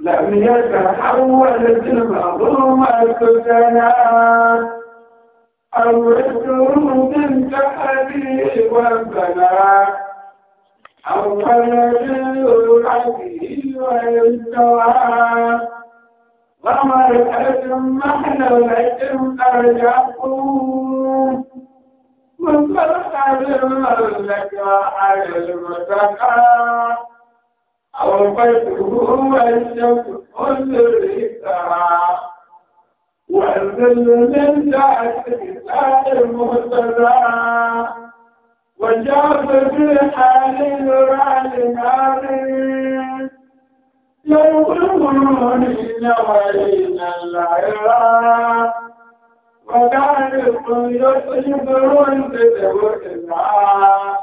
لم يتحول المظلومة سنا أو الدروب كحبي وبنا أو يجير عليه ويستوى ضمر أجمعنا الأجمع يقوم من فرح لك على المتقى والقدر هو الشمس انظر للسماء والظل من تحت الكتاب المهتدى وجاب بالحال الرعد ناري ينظرون ولينا العراق وتعرف يصيبون بدور النار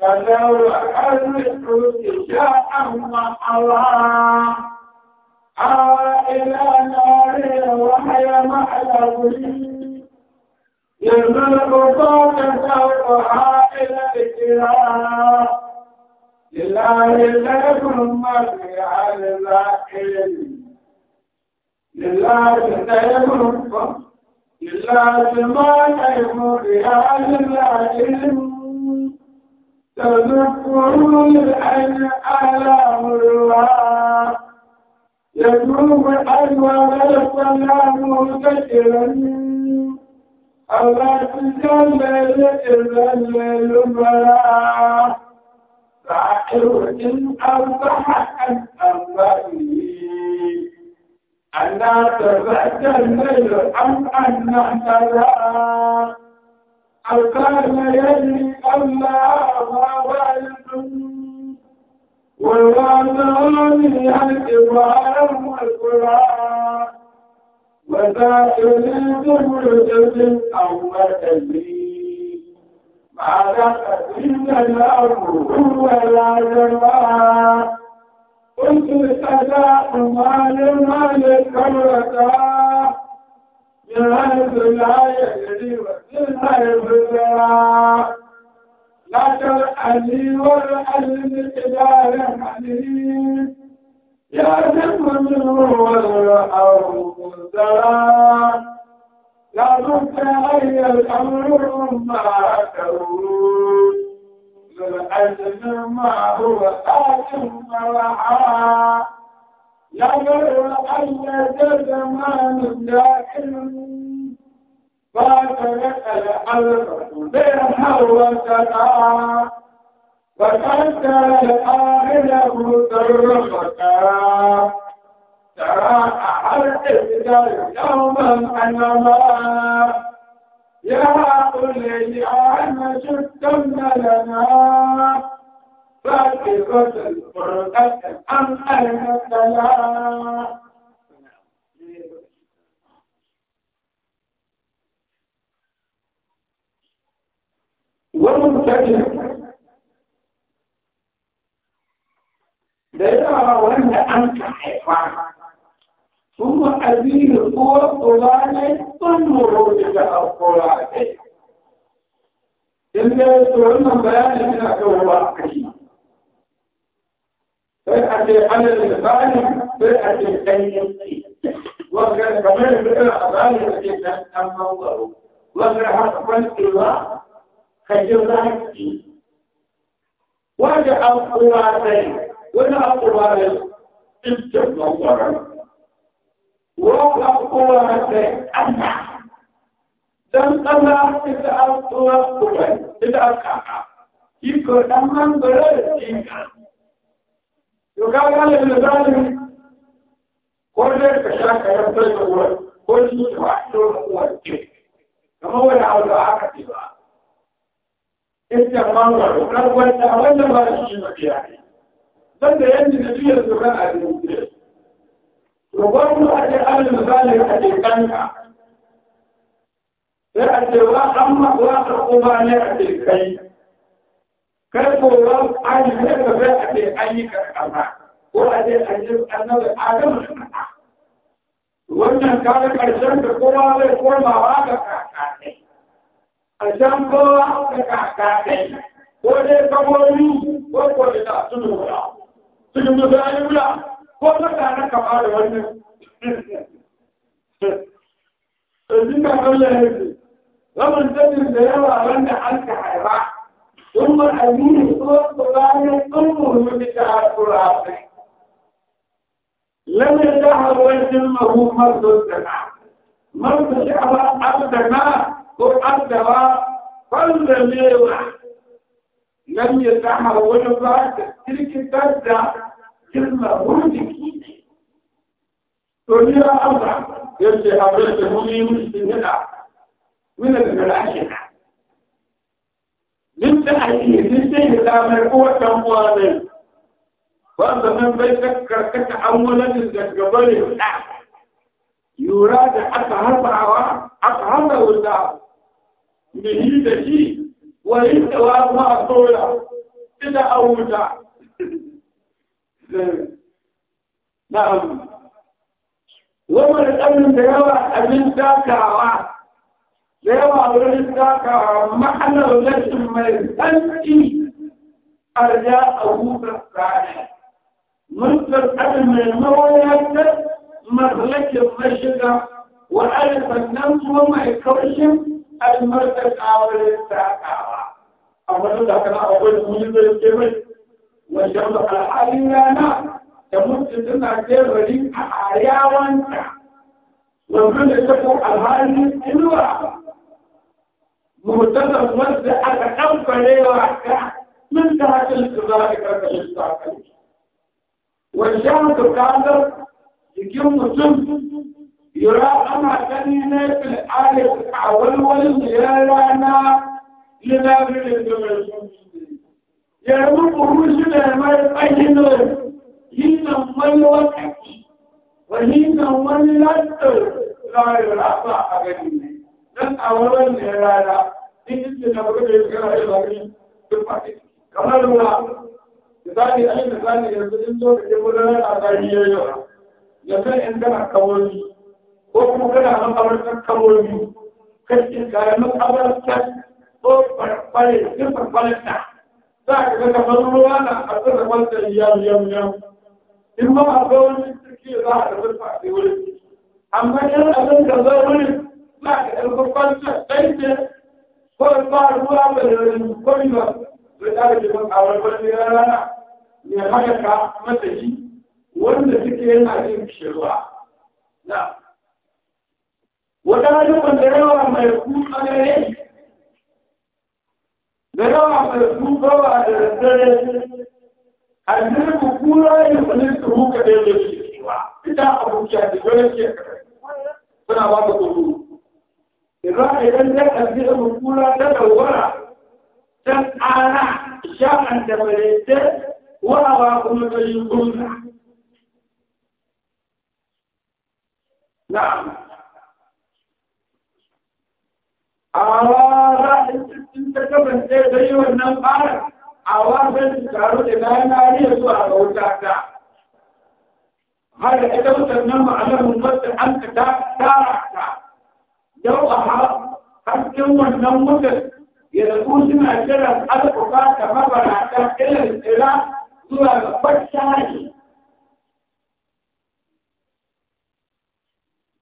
فلو يا تجاه الله أو إلى نار وهي محلب يملك فوق سوقها إلى الكرام لله لكم مرجع الذاكرين لله لكم لله ما يمر على العلم تذكر الأن على الله يتوب أنور السلام كثيرا ألا تجلل إذا الليل بلا ساحر إن أصبح أن أصبحي أنا تذكر الليل أم أن نحترى أكان يدري الله ما وعدتم ووعدوني الإبراهيم والقرآن وذا يريدهم رجل أو مكلي ما تقدم الأمر ولا جماعة قلت السلام على الملك الرجال لا ترحلي والعلم إلى حنين يا ذنب النور والأرض الزرع لا تنتهي الأمر مع كون للعلم ما هو آدم مرعاه لغير أية زمان دائم فاتلك الحلق بهوتك وكنت الآله ترفتا ترى أحد يوما أنما يا قل أنا أن شكرا لنا فاتقة الفرقة أم أنت لا ومنتجه da yawa wanda an ka haifa kuma abiru kuwa kula ne sun muro daga alkura ne in da ya tsoron nan bayanin yana kawo ba a kai فرقة الحمل الغالي فرقة التنسيق وكان كمان فرقة غالية جدا أموره وكان حقا الله خجلاتي وجع القواتين ولا القواتين استمورا ولا القواتين أنا لم أنا إذا أقوى القواتين إذا أقع يكون أمان بلد إنك to ga wannan da zalimi ko da ka shaka ya sai da uwa ko shi ba to uwa ce kamar wani abu da aka ce ba ita mangwaro kan wanda wannan ba shi ne biya dan da yanzu da biyar su kan abin da to ba mu a ce alin zalimi a ce kanka sai a ce wa amma wa ka kuma ne a ce kai كالقرآن إيه إيه عن هذا بقى أي كالقرآن وهذا الجزء أنه آدم وأن كان كالشمس القرآن ان ما هذا كعكاتي الشمس هو كعكاتي وهذا كمولي وقول لا تنورا تنورا تنورا وقال كان كمال وأن إذن الله يجب ومن تجد يرى أن ان ان ان ان ان ان أنت حيران ثم الأمين هو القرآن ثم هم القرآن لم يدعه ويسمه مرض الزنا مرض الشعب أبدنا وأبدوا كل ليوة لم يدعه ويبعد تلك الدرجة كلمة وردكي تقول يا الله يلي أبرد هم من العشرة da ake duk sai da damar ko dan wani wanda nan bai karkata an wani da gaba ne da yura da aka harbawa aka harba wuta bihi da shi wani da wa ma a soya ina a wuta na'am wani da yawa abin takawa da yawa wurin daga ma'anar rashin mai tsanci a riya a buɗe rana. Mun tsarkar mai mawayatar matsalakin mashiga wa alifan nan kuma mai kaushin almarkar awurin sakawa. A wani da kana akwai da muni zai ke mai wajen da al'adun rana da mutum suna teburin a ariyawanta. Wanzu da ta ko alhalin inuwa مرتبط وزع أتقوك لي وحكا من ذات الكذلك الاستعقل والشهد كامل يجيب مسلم يرى أما كان في الحالة الأول والزيارة لنا من الجمال يرمو قروش لما يبين هنا من وكي وهنا من لدر لا يرى أما أغنيه dan a wannan ne rana in ji da ba kai kana da lafiya duk ba kamar ruwa da zani ai da zani yanzu in zo da kebo da rana da yi ya san in kana kawoni ko kuma kana al'amarin kawoni kashin kayan makabar ta ko farfare duk farfare ta za ka ga kamar ruwa na a tsara wancan yam yam yam in ma a wani ciki za a da farfa a amma in abin da wurin لا القرآن ليس كل بار هو كل ما بتعرف من أول بار لا لا هذا كمتجي ولا تكين عليه بشروا لا وتعالوا من دراوا ما يكون عليه دراوا ما يكون دراوا أنه كورا يخلص روحه إلى الله إذا أبوك يا دكتور سنا بابا كورو إذا إذن لك الفئة الأولى تدورة تسعانا شاء أن تبريت وأراكم فيكم نعم أرى إن تكبر سيدي والنمقار أرى بل تكارو لبانا عليه سؤال أوتاكا هذا إذا وصلنا معلم المسلم أنت تاركا yau a hasken wannan mutum ya zaku suna jiran alfuka ta mabarata irin tsira zuwa ga fashahi.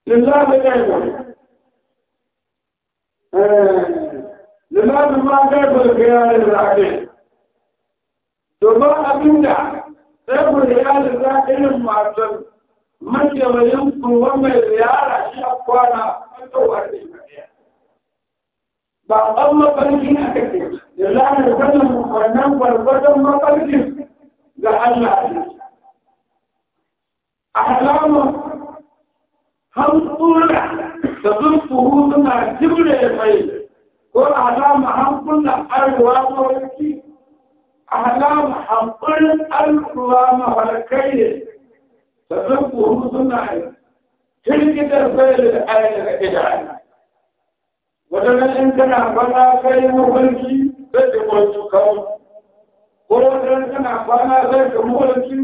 Lillahi ɗaya lillahi ma gaibar bayanin zaɓe. Domin abinda sai ku riyalin zaɓe irin masu makewayin kurwan mai ziyara shi a kwana matowar ne ba ban mafarkin aka ce da lanar wannan wannan gwargwadon mafarkin ga Allah ne a alamar hankula da zurfuhu suna jimre mai ko alama hankula arewa mawarki alama hankulin arewa mawarkai ne sannan kuru suna yi kirkitar sayar da ayyar da ita ana wadannan in kana kwana kai mafarki zai da kwanci kawo ko wadannan kana kwana zai da mafarki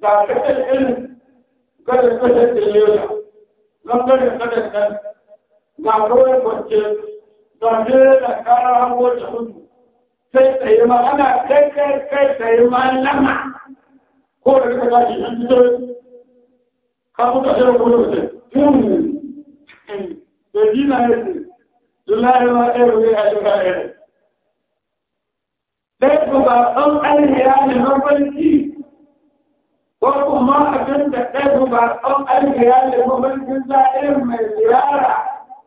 ga kasar irin kada kasar da yola nan kada kada kan ga kawai kwanci ga jere da kara hango da hudu sai tsaye ma ana kai kai kai tsaye ma lama ko da kasa shi an fito abu ka shirin kuma da da ji na yake lullahi ma ɗaya ne a shirin ɗaya ɗaya ku ba ɗan alhiya ne mafarki ko kuma abin da ɗaya ku ba ɗan alhiya ne mafarkin za'ir mai ziyara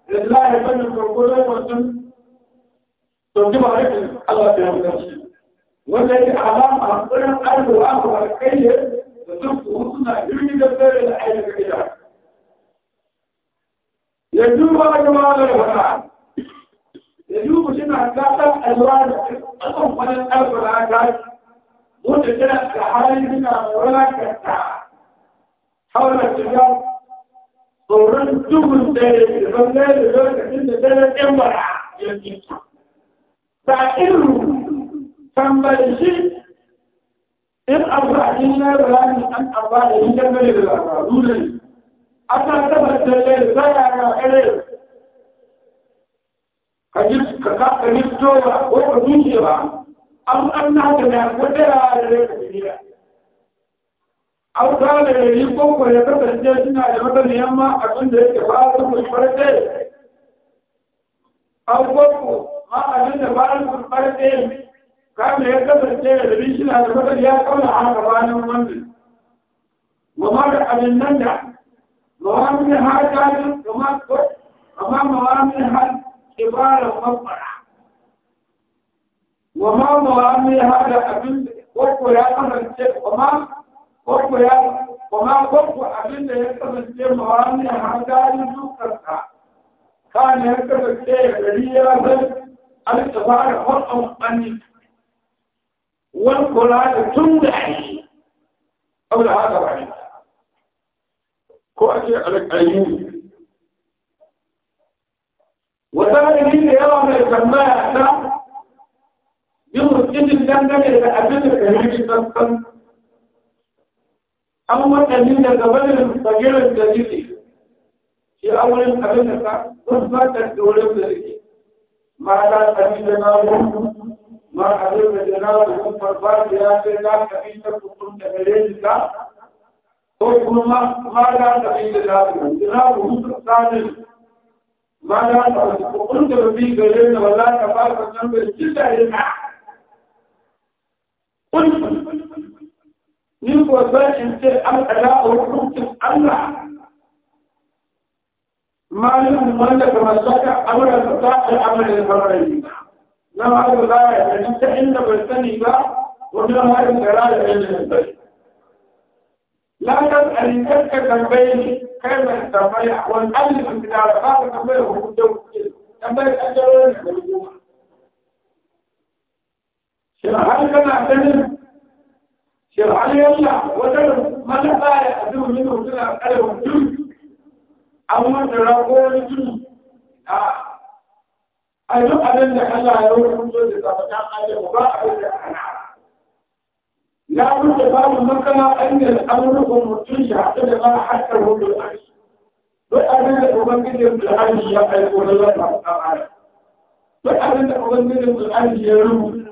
lullahi ma ne mafarkin mutum to ji ba rikin Allah ya yi wanda yake alama a wurin arziki a kai da sun kuma suna jirgin da tsere da ainihin gida. Yanzu ba da malar wata, yanzu ku suna gasar alwa da ƙasan wani ɗaukar ta wanda tana da hali suna wulakanta haura shiga tsoron dubun tsere da bangare da lokacin da tsere ɗan bara yanzu. Ba irin tambayin shi in abu a cikin na bayani an abu da yi dangane da labaru ne a ta tabbatar da zaya na irin ka ji ka ka ka ji towa ko ka zuce ba an an na ta na kwadara da zai ka tafiya an ta da yi koko ya kasance suna da matsalin yamma a tun da yake ba su kusurce an koko ma abin da ba su kusurce كان يكبر سيئة لبيشنا لبقى يا قول عن قرآن ومنزل ومرع بالنجع موامن هذا كما وما أما موامن هذا كبار مطلع وما موامن هذا أبن قلت يا قرآن وما قلت يا وما قلت أبن يكبر موامن هذا يذكرها كان يكبر سيئة لبيشنا لبقى الكبار مطلع والقرآن تمدعي قبل هذا وعليك كواتي على أيوم وذلك اللي يرى من الجماعة يمرض جد الجنة إلى أبد الكريم تسكن أول أمين قبل المستقر الجديد في أول أمين تسكن تثبت الدولة الجديد ما لا تميل نارهم ما حضرنا جنابة كنت فربات يا سيدا كمينة كنت مليزة وكل لا تبين جنابة جنابة مصر لا تبين كنت ربي أمر الفتاة na haka za a yi ta inda bai sani ba wani haka tsara da yanzu bai lantar alikar ka tambaye ni kai mai tambaye a wani alifin gida da ba ka tambaye hukunce hukunce tambaye kanjarorin da hukuma shin har kana ganin shin har yalla wajen manufa ya azumin min hukuna kare hukunce an wata rago wani a a duk abin da Allah ya rubuto da tsafatan Allah ba abin da ana la rubuta babu makana annal amrukum mutun ya hada da ma hakka rubutu arshi duk abin da ubangijin bil'ani ya aiko na zama tsafatan duk abin da ubangijin bil'ani ya rubuta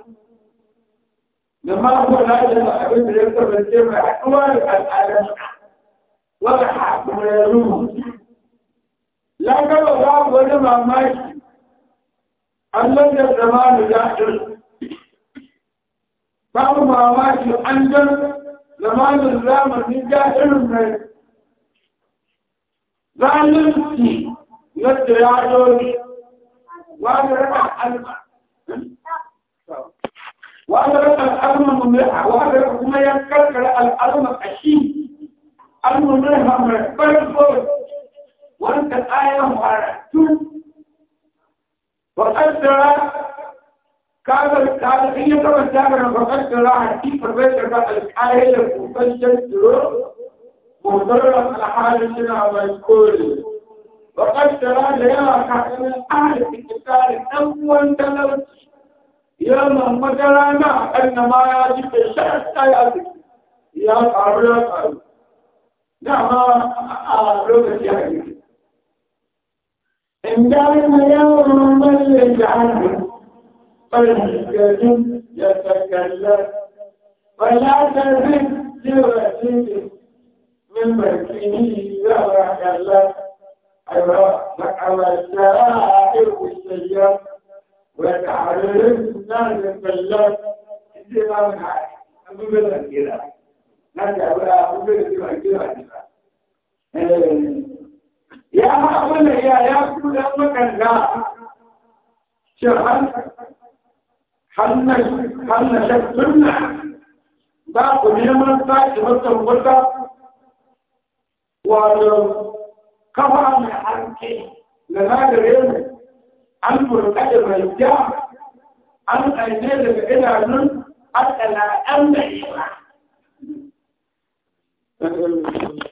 da ma kuwa na idan abin da ya kasance mai haɗuwa da al'adar wata haɗuwa ya rubuta la gaba babu wani mamaki Allah da zamanu da'ir babu mamaki an dan zamanin zamani da'irin mai zalunci na tsirayori wanda raka alba wanda raka al'arma mummiha wanda raka kuma ya karkara al'arma a shi al'arma mai farko فقدر كان التاريخية كما تعمل فقدر راحتي فبدر الكاهل المفشل مضرة الحال لنا والكل وقد ترى ليا كائن أهل الكتاب أول تلوث يا محمد رانا أن ما يجب الشرط يا يا قارئ نعم أروك يا حبيبي عندما يوم الجعل فالجد يتكلم ولا تزد لوزير من مكيه وكلا والسائر والسيار وتعرفنا بالله إنما معك أبو بلد كذا نحن أبو بلد كذا كذا يا أقول يا يا كل أمك الله شهر هل هل نشكرنا ذاك اليوم ذاك يوم ذاك ولو كفى من حركه لذاك اليوم أن مرتد الرجال أن أجل إلى من أتلا أمريكا